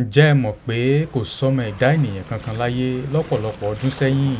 ǹjẹ́ ẹ mọ̀ pé kò sọ́mọ ẹ̀dá ènìyàn kankan láyé lọ́pọ̀lọpọ̀ ọdún sẹ́yìn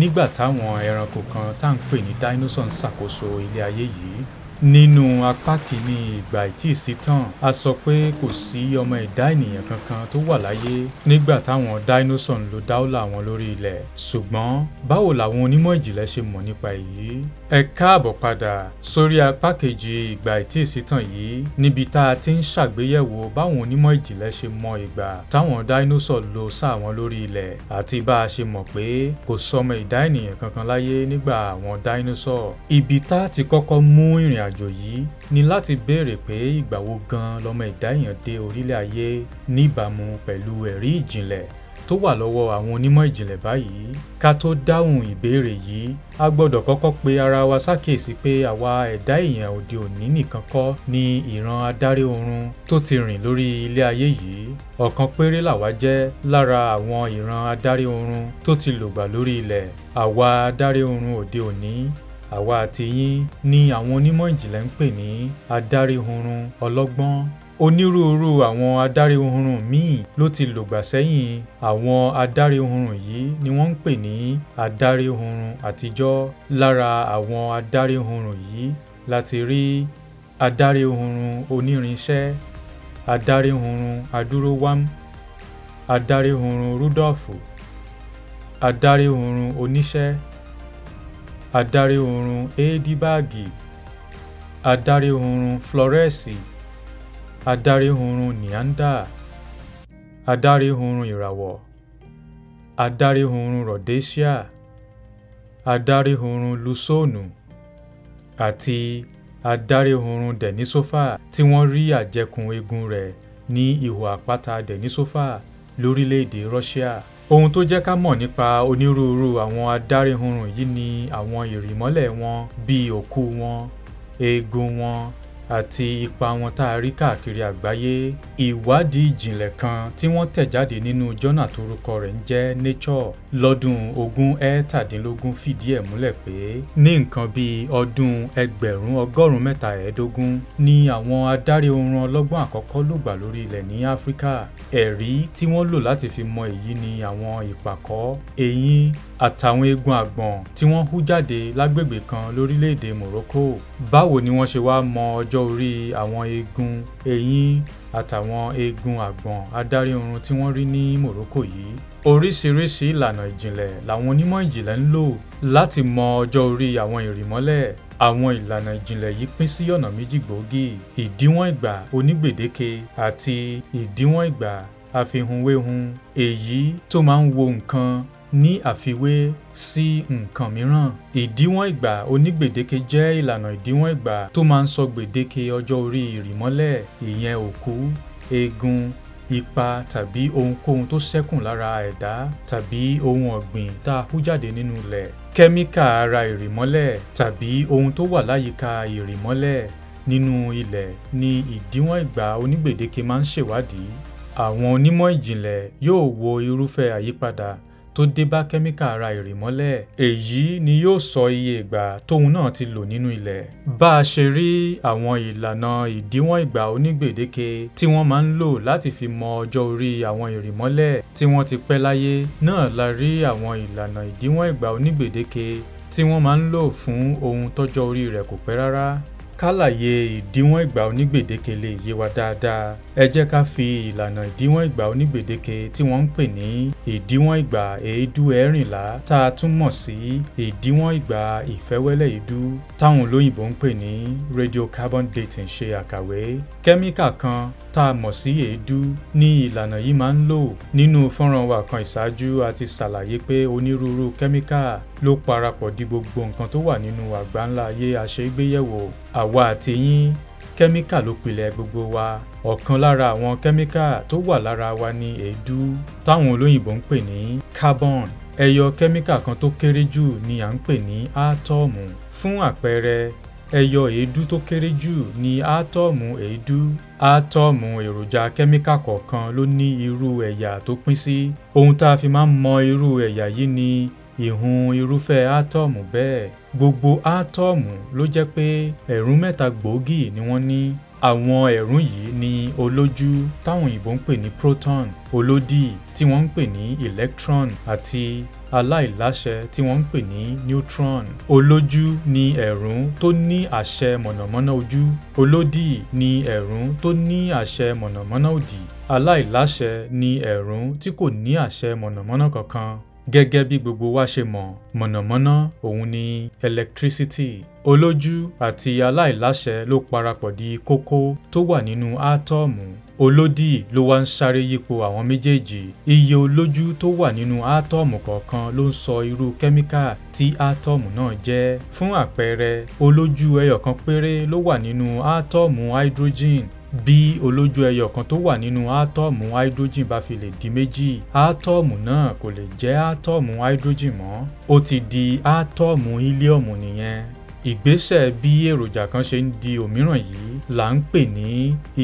nígbà táwọn ẹranko kan tá à ń pè ní dinosaur ń ṣàkóso ilé ayé yìí nínú apá kìíní ìgbà ìtísítàn a sọ pé kò sí ọmọ ẹ̀dá ènìyàn kankan tó wà láyé nígbà táwọn dáínósọ̀ ń lo dáúlà wọn lórí ilẹ̀ ṣùgbọ́n báwo làwọn onímọ̀ ìjìnlẹ̀ ṣe mọ̀ nípa èyí. ẹ káàbọ̀ padà sórí apá kejì ìgbà ìtísítàn yìí níbi tá a ti ń ṣàgbéyẹ̀wò báwọn onímọ̀ ìjìnlẹ̀ ṣe mọ ìgbà táwọn dáínósọ̀ lo sáà wọn lórí ilẹ̀ àti bá a ṣe mọ̀ pé kò sọmọ ẹ̀dá ènìyàn kankan láyé nígbà àwọn dáínósọ̀ ibi àjò yìí ni láti béèrè pé ìgbà wo gan lọmọ ẹ̀dá èèyàn dé orílẹ̀ ayé níbàámu pẹ̀lú ẹ̀rí ìjìnlẹ̀ tó wà lọ́wọ́ àwọn onímọ̀ ìjìnlẹ̀ báyìí ká tó dáhùn ìbéèrè yìí a gbọ́dọ̀ kọ́kọ́ pe ara wa ṣàkíyèsí pé àwa ẹ̀dá èèyàn òde òní nìkan kọ́ ni ìran adárí oorun tó ti rìn lórí ilé ayé yìí ọ̀kan péré làwa jẹ́ lára àwọn ìran adárí oorun tó ti lògbà lórí ilẹ̀ àwa adárí oorun òde òní àwa àti yín ni àwọn onímọ̀ ìjìnlẹ̀ ń pè ní adáríhurun ọlọ́gbọ́n onírúurú àwọn adáríhunrun míì ló ti lògbà sẹ́yìn àwọn adáríhunrun yìí ni wọ́n ń pè ní adáríhunrun àtijọ́ lára àwọn adáríhunrun yìí láti rí adáríhunrun onírinṣẹ́ adáríhunrun adúrówám adáríhunrun rúdọ̀fù adáríhunrun oníṣẹ́ adarí oorun eédíbáàgì adarí oorun florẹ́ẹ̀sì adarí oorun níándà adarí oorun ìràwọ̀ adarí oorun rhodesia adarí oorun Lusonu, àti adarí oorun denisofa tí wọ́n rí àjẹkùn eegun rẹ̀ ní ihò àpáta denisofa lórílẹ̀‐èdè russia ohun tó jẹ́ ká mọ̀ nípa onírúurú àwọn adáréhunrun yìí ni àwọn ìrìmọ́lẹ̀ wọn bíi òkú wọn eegun wọn àti ipa wọn tá a rí káàkiri àgbáyé ìwádìí ìjìnlẹ̀ kan tí wọ́n tẹ̀ jáde nínú jọ́nà torúkọ rẹ̀ ń jẹ́ Nature lọ́dún ogún ẹ̀ẹ́tàdínlógún fìdí ẹ̀ múlẹ̀ pé ní nǹkan bíi ọdún ẹgbẹ̀rún ọgọ́rùn-ún mẹ́ta ẹ̀ẹ́dógún ni àwọn adarí oorun ọlọ́gbọ́n àkọ́kọ́ ló gbà lórí ilẹ̀ ní áfíríkà ẹ̀rí tí wọ́n lò láti fi mọ èyí ni àwọn ìpàkọ́ eyín àtàwọn eegun àgbọ̀n tí wọ́n hú jáde lágbègbè kan lórílẹ̀‐èdè Morocco báwo ni wọ́n ṣe wá mọ ọjọ́ orí àwọn eegun eyín àtàwọn eegun àgbọ̀n adarí oorun tí wọ́n rí ní Morocco yìí oríṣiríṣi ìlànà ìjìnlẹ̀ làwọn onímọ̀ ìjìnlẹ̀ ń lò láti mọ ọjọ́ orí àwọn ìrìmọ́lẹ̀ àwọn ìlànà ìjìnlẹ̀ yìí pín sí ọ̀nà méjì gbòógì ìdíwọ̀n ìgbà onígbèdéke àti ìdíwọ̀n ìgbà àfihùnwéhun èyí tó máa ń wo nǹkan ní àfiwé sí nǹkan mìíràn ìdíwọ̀n ìgbà onígbèdéke jẹ́ ìlànà ìdíwọ̀n ìgbà tó máa ń sọ gbèdéke ọjọ́ orí ìrìmọ́lẹ̀ ìyẹn òkú eegun ipa tàbí ohunkóhun tó ṣẹ́kùn lára ẹ̀dá tàbí ohun ọ̀gbìn tá a hú jáde nínú ilẹ̀ kẹ́míkà ara ìrìmọ́lẹ̀ tàbí ohun tó wà láyìíká ìrìmọ́lẹ̀ nínú ilẹ̀ ni ìdíwọ̀n ìgbà onígbèdéke máa ń ṣèwádìí àwọn onímọ̀ ìjìnlẹ̀ yóò wo irúfẹ́ àyípadà tó dé bá kẹ́míkà ara ìrì mọ́lẹ̀ èyí ni yóò sọ iye ìgbà tóun náà ti lò nínú ilẹ̀. bá a ṣe rí àwọn ìlànà ìdíwọ̀n ìgbà onígbèdéke tí wọ́n máa ń lò láti fi mọ ọjọ́ orí àwọn ìrì mọ́lẹ̀ tí wọ́n ti pẹ́ láyé náà la rí àwọn ìlànà ìdíwọ̀n ìgbà onígbèdéke tí wọ́n máa ń lò fún ohun tọ́jọ́ orí rẹ̀ kò pẹ́ rárá kálàyé ìdíwọ̀n ìgbà onígbèdéke lè yé wa dáadáa ẹ jẹ́ ká fi ìlànà ìdíwọ̀n ìgbà onígbèdéke tí wọ́n ń pè ní ìdíwọ̀n ìgbà èédú ẹ̀rìnlá tá a tún mọ̀ sí ìdíwọ̀n ìgbà ìfẹ́wẹ́lẹ̀ èédú táwọn olóyìnbó ń pè ní radiocarbon dating ṣe àkàwé kẹ́míkà kan tá a mọ̀ sí èédú ní ìlànà yìí máa ń lò nínú fọ́nrán wa kan ìṣáájú a ti ṣàlàyé pé onírúurú kẹ́míkà ló parapọ̀ di gbogbo nǹkan tó wà nínú àgbáńlá ayé aṣeégbéyẹ̀wò àwa àti yín kẹ́míkà ló pilẹ̀ gbogbo wa ọ̀kan lára àwọn kẹ́míkà tó wà lára wa ni èédú táwọn olóyìnbó ń pè ní carbon ẹyọ kẹ́míkà kan tó kéré jù ni à ń pè ní átọ́ọ̀mù fún àpẹẹrẹ ẹyọ èédú tó kéré jù ni átọ́ọ̀mù èédú átọ́ọ̀mù èròjà kẹ́míkà kọ̀ọ̀kan ló ní irú ẹ̀yà tó pín sí ohun tá a fi máa ń mọ irú ẹ̀yà yìí ni ìhun irúfẹ́ átọ́ọ̀mù bẹ́ẹ̀ gbogbo átọ́ọ̀mù ló jẹ́ pé ẹ̀rún mẹ́ta gbòógì ni wọ́n ní àwọn ẹ̀rún yìí ni olójú táwọn òyìnbó ń pè ní proton olódì tí wọ́n ń pè ní electron àti aláìláṣẹ tí wọ́n ń pè ní neutron olójú ni ẹ̀rún tó ní àṣẹ mọ̀nàmọ́ná ojú olódì ni ẹ̀rún tó ní àṣẹ mọ̀nàmọ́ná òdì aláìláṣẹ ni ẹ̀rún tí kò ní àṣẹ mọ̀nàmọ́ná kankan Gẹ́gẹ́ bí gbogbo wa ṣe mọ̀, mọ̀nàmọ́ná òun ni electricity. Olójú àti aláìláṣẹ ló parapọ̀ di kókó tó wà nínú átọ́ọ̀mù. Olódì ló wá ń sáré yípo àwọn méjèèjì. Iye olójú tó wà nínú átọ́ọ̀mù kọ̀ọ̀kan ló ń sọ irú kẹ́míkà tí átọ́ọ̀mù náà jẹ́. Fún àpẹẹrẹ, olójú ẹyọ̀kan péré ló wà nínú átọ́ọ̀mù hydrogen bí olójú ẹyọ kan tó wà nínú átọ́ọ̀mù háídrójìn bá fi lè di méjì átọ́ọ̀mù náà kò lè jẹ́ átọ́ọ̀mù háídrójìn mọ́ ó ti di átọ́ọ̀mù hílíọ̀mù nìyẹn ìgbésẹ̀ bí èròjà kan ṣe ń di òmíràn yìí là ń pè ní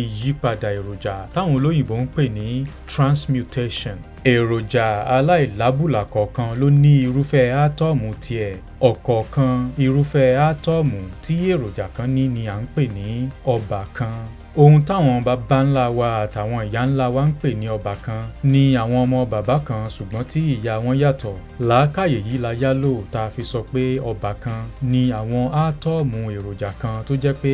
ìyípadà èròjà táwọn olóyìnbó ń pè ní transmutation èròjà aláìlábùlà kọ̀ọ̀kan ló ní irúfẹ́ átọ́ọ̀mù tiẹ̀ ọ̀kọ̀ọ̀kan irúfẹ́ átọ́ọ̀mù tí èròjà kan ní ni à ń pè ní ọbàkan ohun táwọn bàbá ńlá wa àtàwọn ìyá ńlá wa ń pè ní ọbàkan ni àwọn ọmọ bàbá kan ṣùgbọ́n tí ìyá wọn yàtọ̀ làákàyè yìí la yá lò tá a fi sọ pé ọbàkan ni àwọn átọ́ọ̀mù èròjà kan tó jẹ́ pé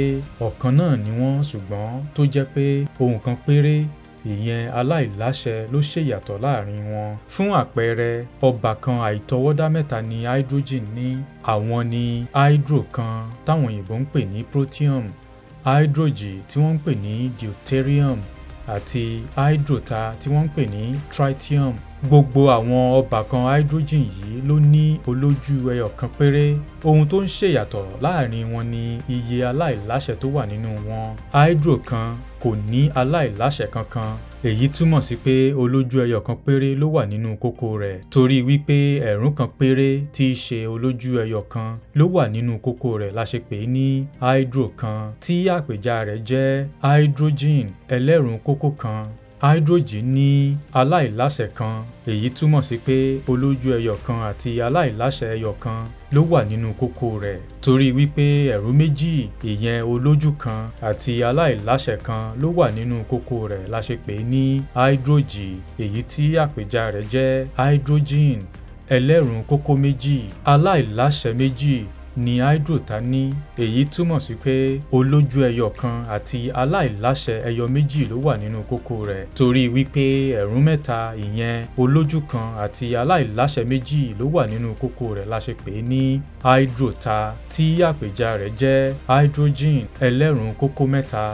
ọ̀kan náà ni wọ́n ṣùgbọ́n tó jẹ́ pé ohun kan péré ìyẹn aláìláṣẹ ló ṣèyàtọ̀ láàrin wọn. fún àpẹẹrẹ ọbàkan àìtọwọ́dá mẹ́ta ni hydrogen ní àwọn ni hydro kan táwọn òyìnbó ń pè ní protium hydrogy tí wọ́n ń pè ní deuterium àti hydrota tí wọ́n ń pè ní tritium Gbogbo àwọn ọbàkan háídírójìn yìí ló ní olójú ẹyọ kan péré. Ohun tó ń ṣèyàtọ̀ láàrin wọn ni iye aláìláṣẹ tó wà nínú wọn. Háídírò kan kò ní aláìláṣẹ kankan èyí túmọ̀ sí pé olójú ẹyọ kan péré ló wà nínú kókó rẹ̀ torí wípé ẹ̀rún kan péré tí í ṣe olójú ẹyọ kan ló wà nínú kókó rẹ̀ la ṣe pè é ní háídírò kan tí àpèjá rẹ̀ jẹ́ háídírójìn ẹlẹ́rùn kókó kan háídírójìn ní aláìláṣẹ kan èyí túmọ̀ sí pé olójú ẹyọ kan àti aláìláṣẹ ẹyọ kan ló wà nínú kókó rẹ̀ torí wípé ẹ̀rú méjì ìyẹn olójú kan àti aláìláṣẹ kan ló wà nínú kókó rẹ̀ la ṣe pè ní háídírójìn èyí tí àpèjá rẹ̀ jẹ́ háídírójìn ẹlẹ́rùn kókó méjì aláìláṣẹ méjì ni hydrotá ní èyí túmọ̀ sí pé olójú ẹyọ kan àti aláìláṣẹ ẹyọ méjì ló wà nínú kókó rẹ̀ torí wípé ẹ̀rún mẹ́ta ìyẹn olójú kan àti aláìláṣẹ méjì ló wà nínú kókó rẹ̀ la ṣe pè é ní hydrotá tí àpèjá rẹ̀ jẹ́ hydrogen ẹlẹ́rùn kókó mẹ́ta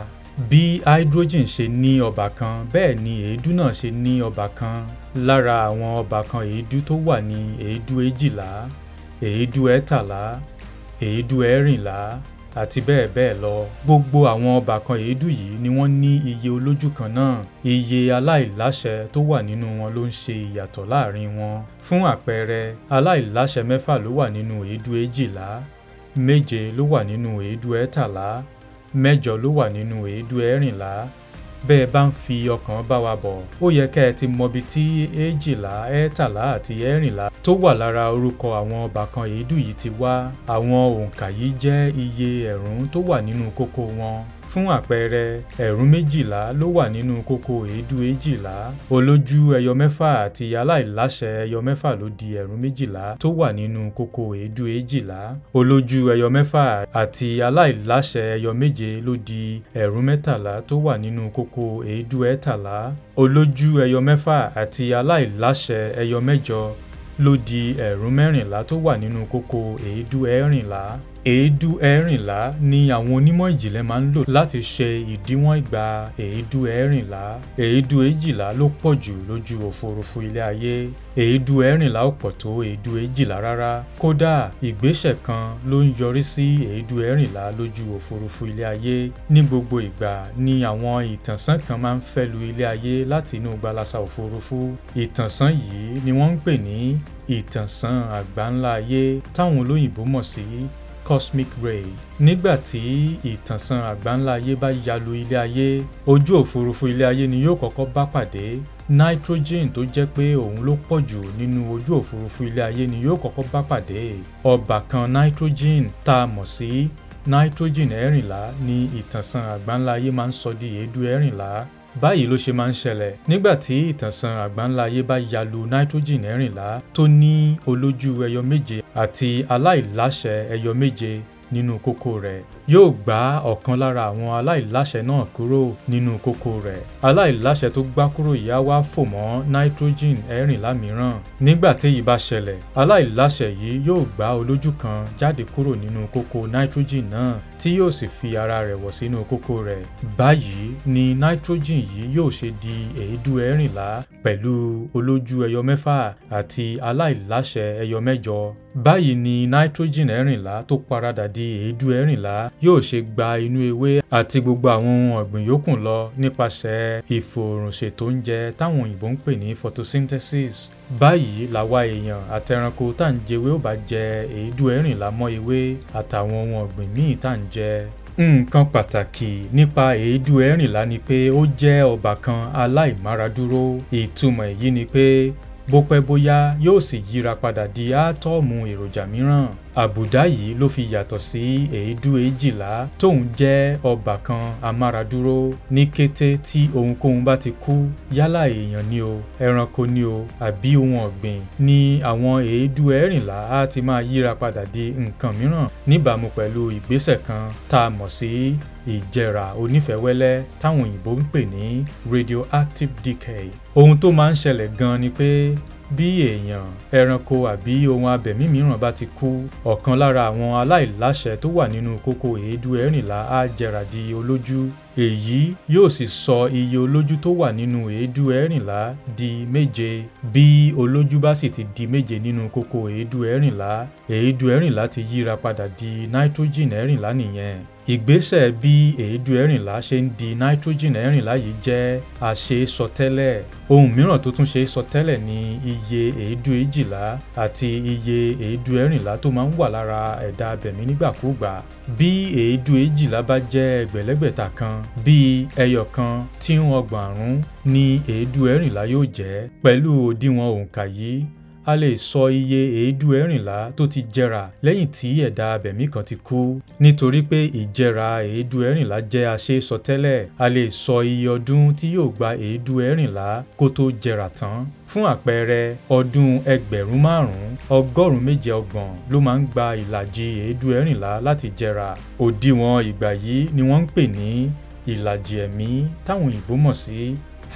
bí hydrogen ṣe ní ọba kan bẹ́ẹ̀ ni èédú náà ṣe ní ọba kan lára àwọn ọba kan èédú tó wà ní èédú èjìlá èédú ẹ̀tàlá èédú ẹ̀rìnlá àti bẹ́ẹ̀ bẹ́ẹ̀ lọ gbogbo àwọn ọbàkan èédú yìí ni wọ́n ní iye olójú kan náà iye aláìláṣẹ tó wà nínú wọn ló ń ṣe ìyàtọ̀ láàrin wọn fún àpẹẹrẹ aláìláṣẹ mẹ́fà ló wà nínú èédú èjìlá méje ló wà nínú èédú ẹ̀tàlá mẹ́jọ ló wà nínú èédú ẹ̀rìnlá bẹ́ẹ̀ bá ń fi ọkàn bá wa bọ̀ ó yẹ kẹ́ ẹ ti mọbi tí èjìlá ẹ̀ẹ́tàlá àti ẹ̀rìnlá tó wà lára orúkọ àwọn ọbàkan èédú yìí ti wá àwọn òǹkà yìí jẹ́ iye ẹ̀rùn tó wà nínú kókó wọn fún àpẹẹrẹ ẹ̀rún méjìlá ló wà nínú kókó èédú èjìlá olójú ẹyọ mẹ́fà àti aláìláṣẹ ẹyọ mẹ́fà ló di ẹ̀rún méjìlá tó wà nínú kókó èédú èjìlá olójú ẹyọ mẹ́fà àti aláìláṣẹ ẹyọ méje ló di ẹ̀rún mẹ́tàlá tó wà nínú kókó èédú ẹ̀tàlá olójú ẹyọ mẹ́fà àti aláìláṣẹ ẹyọ mẹ́jọ ló di ẹ̀rún mẹ́rìnlá tó wà nínú kókó èédú ẹ̀rìnlá èédú ẹẹ́rìnlá ni àwọn onímọ̀ ìjìnlẹ̀ máa ń lò láti ṣe ìdíwọ̀n ìgbà èédú ẹẹ́rìnlá èédú èjìlá ló pọ̀ jù lójú òfurufú ilé ayé èédú ẹẹ́rìnlá ò pọ̀ tó èédú èjìlá rárá kódà ìgbésẹ̀ kan ló ń yọrí sí èédú ẹẹ́rìnlá lójú òfurufú ilé ayé ní gbogbo ìgbà ni àwọn ìtànsán kan máa ń fẹ́ lu ilé ayé láti inú gbalasa òfurufú ìtànsán yìí ni wọ́n ń pè ní ìtànsán àgbáńlá ayé táwọn olóyìnbó mọ̀ sí cosmic ray nígbà tí ìtànsán àgbáńlá ayé bá yalu ilé ayé ojú òfurufú ilé ayé ni yóò kọ́kọ́ bá pàdé nitrogen tó jẹ́ pé òun ló pọ̀ jù nínú ojú òfurufú ilé ayé ni yóò kọ́kọ́ bá pàdé ọbàkan nitrogen tá a mọ̀ sí nitrogen ẹ̀rìnlá ni ìtànsán àgbáńlá ayé máa ń sọ di èédú ẹ̀rìnlá báyìí ló ṣe máa ń ṣẹlẹ̀ nígbà tí ìtànṣán àgbáńlá ayé bá yalu nitrogen ẹ̀rìnlá tó ní olójú ẹyọ méje àti aláìláṣẹ ẹyọ méje nínú kókó rẹ̀ yóò gbá ọ̀kan lára àwọn aláìláṣẹ náà kúrò nínú kókó rẹ̀ aláìláṣẹ tó gbá kúrò yìí á wá fò mọ́ nitrogen ẹ̀rìnlá mìíràn nígbà téyìí bá ṣẹlẹ̀ aláìláṣẹ yìí yóò gbá olójú kan jáde kúrò nínú kókó nitrogen náà tí yóò sì fi ara rẹ̀ wọ̀ sínú kókó rẹ̀ báyìí ni nitrogen yìí yóò ṣe di èédú ẹ̀rìnlá pẹ̀lú olójú ẹyọ mẹ́fà àti aláìláṣẹ ẹyọ mẹ́jọ báyìí ni nitrogen ẹ̀rìnlá tó paradà di èédú ẹ̀rìnlá yóò ṣe gba inú ewé àti gbogbo àwọn ohun ọ̀gbìn yòókù lọ nípasẹ̀ ìfòòrùnṣètò oúnjẹ táwọn òyìnbó ń pè ní photosynthesis. báyìí làwa èèyàn àtẹranko tá à ń jẹwé ó bá jẹ èédú ẹ̀rìnlá mọ́ ewé àtàwọn ohun ọ̀gbìn míì tá à ń jẹ nǹkan pàtàkì nípa èédú ẹ̀rìnlá ni pé ó jẹ́ ọbàkan aláìmáradúró ìtumọ̀ èyí ni pé bó bóyá yóò sì yíra padà di átọ́ọ̀mù èròjà mìíràn àbùdá yìí ló fi yàtọ̀ sí èédú èjìlá tóun jẹ́ ọbàkan amáradúró ní kété tí ohunkóhun bá ti kú yálà èèyàn ni o ẹranko ni o àbí ohun ọ̀gbìn ni àwọn èédú ẹ̀rìnlá á ti máa yíra padà di nǹkan mìíràn níbàámu pẹ̀lú ìgbésẹ̀ kan tá a mọ̀ sí ìjẹrà onífẹ̀wẹ́lẹ́ táwọn òyìnbó ń pè ní radioactive decay ohun tó máa ń ṣẹlẹ̀ gan ni pé bí èèyàn ẹranko àbí ohun abẹ̀mí mìíràn bá ti kú ọ̀kan lára àwọn aláìláṣẹ tó wà nínú kókó èédú ẹ̀rìnlá á jẹrà di olójú èyí yóò sì sọ iye olójú tó wà nínú èédú ẹ̀rìnlá di méje bí olójú bá sì ti di méje nínú kókó èédú ẹ̀rìnlá èédú ẹ̀rìnlá ti yíra padà di náítírójìn ẹ̀rìnlá nìyẹn ìgbésẹ̀ bí èédú ẹ̀rìnlá ṣe ń di nitrogen ẹ̀rìnlá yìí jẹ́ àṣesọtẹ́lẹ̀ ohun mìíràn tó tún ṣe é sọtẹ́lẹ̀ ni iye èédú èjìlá àti iye èédú ẹ̀rìnlá tó máa ń wà lára ẹ̀dá abẹ̀mí nígbàkúùgbà bí èédú èjìlá bá jẹ́ ẹgbẹ̀lẹ́gbẹ̀ta kan bíi ẹyọ kan tí ń ọgbọ̀n àrún ni èédú ẹ̀rìnlá yóò jẹ́ pẹ̀lú òdiwọ̀n òǹkà yìí a lè sọ iye èédú ẹ̀rìnlá tó ti jẹrà lẹ́yìn tí ẹ̀dá abẹ̀mí kan ti kú. Nítorí pé ìjẹrà èédú ẹ̀rìnlá jẹ́ àṣeésọ tẹ́lẹ̀, a lè sọ iye ọdún tí yóò gba èédú ẹ̀rìnlá kó tó jẹrà tán. Fún àpẹẹrẹ, ọdún ẹgbẹ̀rún márùn-ún ọgọ́rùn-ún méje ọgbọ̀n ló máa ń gba ìlàjì èédú ẹ̀rìnlá láti jẹrà. Òdiwọ̀n ìgbà yìí ni wọ́n ń pè ní ìlàjì ẹ̀mí táwọn òyìnbó mọ̀ sí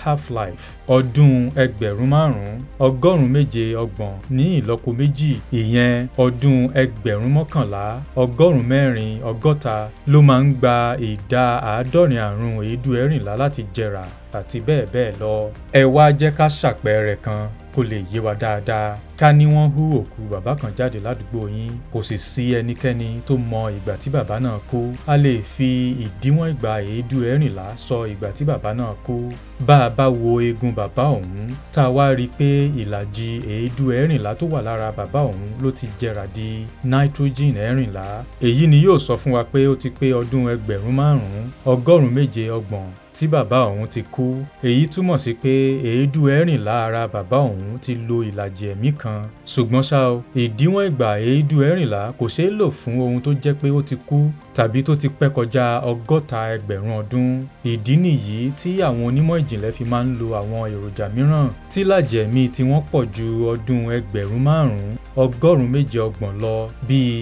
half-life ọdún ẹgbẹ̀rún márùn-ún ọgọ́rùn-ún méje ọgbọ̀n ní ìlọ́po méjì ìyẹn ọdún ẹgbẹ̀rún mọ́kànlá ọgọ́rùn-ún mẹ́rin ọgọ́ta ló máa ń gba ìdá àádọ́rin àrùn èédú ẹ̀rìnlá láti jẹrà àti bẹ́ẹ̀ bẹ́ẹ̀ lọ. ẹ wá jẹ́ ká ṣàpẹẹrẹ kan kó lè yé wa dáadáa ká ní wọ́n hú òkú bàbá kan jáde ládùúgbò yín kò sì sí ẹnikẹ́ni tó mọ ìgbà tí bàbá náà kú a lè fi ìdíwọ̀n ìgbà èédú ẹ̀rìnlá sọ ìgbà tí bàbá náà kú bá a bá wo eegun bàbá ọ̀hún tá a wá rí i pé ìlàjì èédú ẹ̀rìnlá tó wà lára bàbá ọ̀hún ló ti jẹrà di nitrogen ẹ̀rìnlá èyí ni yóò sọ fún wa pé ó ti pé ọdún ẹgbẹ̀rún márùn-ún ọgọ́rùn-ún méje ọgbọ̀n tí bàbá ọ̀hún ti kú èyí túmọ̀ sí pé èédú ẹ̀rìnlá ara bàbá ọ̀hún ti lo ìlàjì ẹ̀mí kan ṣùgbọ́n ṣá o ìdíwọ̀n ìgbà èédú ẹ̀rìnlá kò ṣeé lò fún ohun tó jẹ́ pé ó ti kú tàbí tó ti pẹ́ kọjá ọgọ́ta ẹgbẹ̀rún ọdún ìdí nìyí tí àwọn onímọ̀ ìj ìjìnlẹ̀ fi máa ń lo àwọn èròjà mìíràn tí lájẹ̀mí tí wọ́n pọ̀ ju ọdún ẹgbẹ̀rún márùn-ún ọgọ́rùn-ún méje ọgbọ̀n lọ bíi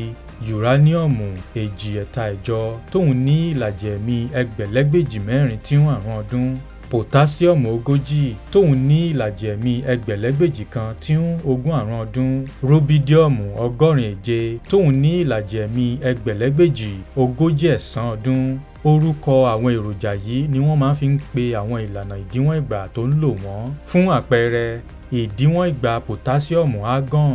yuraniọmù èjì ẹ̀ta ẹ̀jọ tóun ní ìlàjì ẹ̀mí ẹgbẹ̀lẹ́gbèjì mẹ́rin tí wọ́n àrùn ọdún pòtásíọ̀mù ogójì tóun ní ìlàjì ẹ̀mí ẹgbẹ̀lẹ́gbèjì kan tí ń ogún àrùn ọdún rúbídíọ̀mù ọgọ́rin èje tóun ní ìlàjì ẹ̀mí ẹgbẹ̀lẹ́gbèjì ogójì ẹ̀sán ọdún orúkọ àwọn èròjà yìí ni wọ́n máa fi ń pe àwọn ìlànà ìdíwọ̀n ìgbà tó ń lò wọ́n fún àpẹẹrẹ ìdíwọ̀n ìgbà pòtásíọ̀mù argon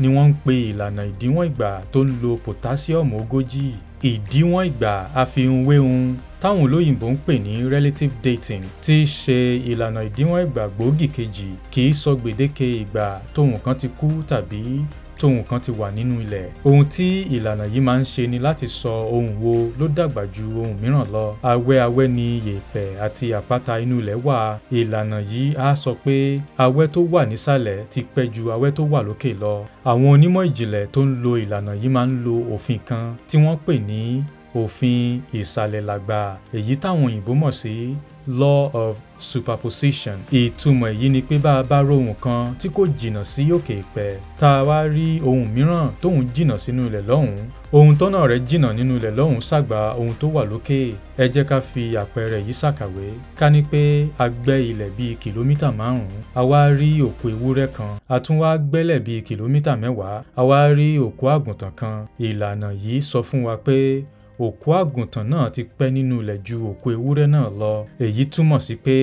ni wọ́n ń pe ìlànà ìdíwọ̀n ìgbà tó ń lo pòtásíọ̀mù ogójì ìdíwọ̀n ìgbà àfihànwéhun táwọn olóyìnbó ń pè ní relative dating tí í ṣe ìlànà ìdíwọ̀n ìgbà gbòógì kejì kì í sọ gbèdéke ìgbà tóun kan ti kú tàbí tóun kan ti wà nínú ilẹ̀ ohun tí ìlànà yìí máa ń ṣe ni láti sọ ohun wo ló dàgbà ju ohun mìíràn lọ awẹ́awẹ́ ni yèèpẹ̀ àti àpáta inú ilẹ̀ wà ìlànà yìí á sọ pé awẹ́ tó wà nísàlẹ̀ ti pẹ́ ju awẹ́ tó wà lókè lọ àwọn onímọ̀ ìjìnlẹ̀ tó ń lo ìlànà yìí máa ń lo òfin kan tí wọ́n pè ní òfin ìsàlẹ̀ làgbà èyí táwọn òyìnbó mọ̀ sí law of superposition ìtumọ̀ èyí ni pé bá a bá rohùn kan tí kò jìnnà sí òkè ìpẹ́ tá a wá rí ohun mìíràn tóun jìnnà sínú ilẹ̀ lọ́hùn-ún ohun tọ́nà rẹ̀ jìnnà nínú ilẹ̀ lọ́hùn-ún ṣàgbà ohun tó wà lókè ẹ jẹ́ ká fi àpẹẹrẹ yìí ṣàkàwé ká ní pé a gbẹ́ ilẹ̀ bíi kìlómítà márùn-ún a wá rí òkú ewúrẹ́ kan a tún wá gbẹ́lẹ̀ bíi kìlómítà mẹ́wàá a wá rí òkú àgùntàn kan ìlànà yìí sọ fún wa pé òkú àgùntàn náà ti pẹ́ nínú ilẹ̀ ju òkú ewúrẹ́ náà lọ èyí túmọ̀ sí pé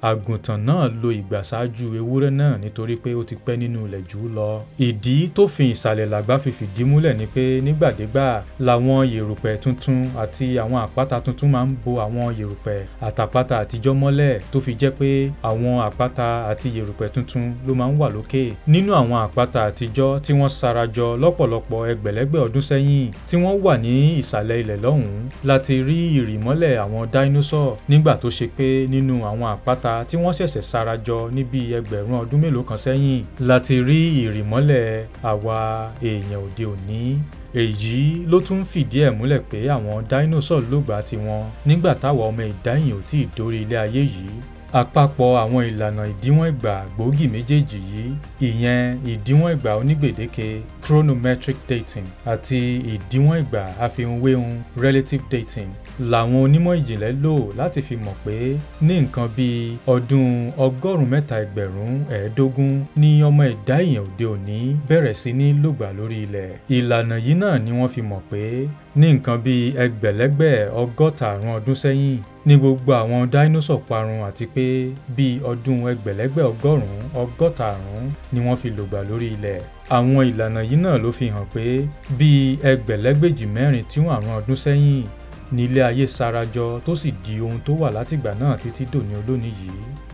àgùntàn náà lo ìgbàsájú ewúrẹ́ náà nítorí pé ó ti pẹ́ nínú ilẹ̀ jù ú lọ. ìdí tó fi ìsàlẹ̀ làgbà fi fìdí múlẹ̀ ni pé nígbàdégbà làwọn yèrùpẹ̀ tuntun àti àwọn àpáta tuntun máa ń bo àwọn yèrùpẹ̀ àtàpáta àtijọ́ mọ́lẹ̀ tó fi jẹ́ pé àwọn àpáta àti yèrùpẹ̀ tuntun ló máa ń wà lókè. nínú àwọn àpáta àtijọ́ tí wọ́n sarajọ lọ́pọ̀lọpọ̀ ẹgbẹ̀lẹ́gbẹ̀ ọdún sẹ́yìn tí wọ́n wà ní ìsàlẹ̀ àpáta tí wọ́n ṣẹ̀ṣẹ̀ sarajọ ní bíi ẹgbẹ̀rún ọdún mélòó kan sẹ́yìn láti rí ìrìmọ́lẹ̀ àwa èèyàn òde òní èyí ló tún fìdí ẹ̀ múlẹ̀ pé àwọn dáínósọ̀ lògbà tiwọn nígbà táwa ọmọ ìdáyìn ò tí ì dórí ilé ayé yìí Àpapọ̀ àwọn ìlànà ìdíwọ̀n ìgbà gbòógì méjèèjì yìí ìyẹn ìdíwọ̀n ìgbà onígbèdéke chronometric dating àti ìdíwọ̀n ìgbà àfiwéhun relative dating làwọn onímọ̀ ìjìnlẹ̀ lò láti fi mọ̀ pé ní nǹkan bíi ọdún ọgọ́rùn-ún mẹ́ta ẹgbẹ̀rún ẹ̀ẹ́dógún ni ọmọ ẹ̀dá èèyàn òde òní bẹ̀rẹ̀ sí ní lògbà lórí ilẹ̀ ìlànà yìí náà ni wọ́n fi mọ̀ pé ní nǹkan bíi ẹgbẹ̀lẹ́gbẹ̀ ọgọ́ta àrùn ọdún sẹ́yìn ní gbogbo àwọn dáínósọ̀ parun àti pé bíi ọdún ẹgbẹ̀lẹ́gbẹ̀ ọgọ́rùn-ún ọgọ́ta àrùn ni wọ́n fi lògbà lórí ilẹ̀. àwọn ìlànà yìí náà ló fi hàn pé bíi ẹgbẹ̀lẹ́gbèjì mẹ́rin tí wọ́n àrùn ọdún sẹ́yìn ní ayé sarajọ tó sì di ohun tó wà látìgbà náà títí dòní olónìí yìí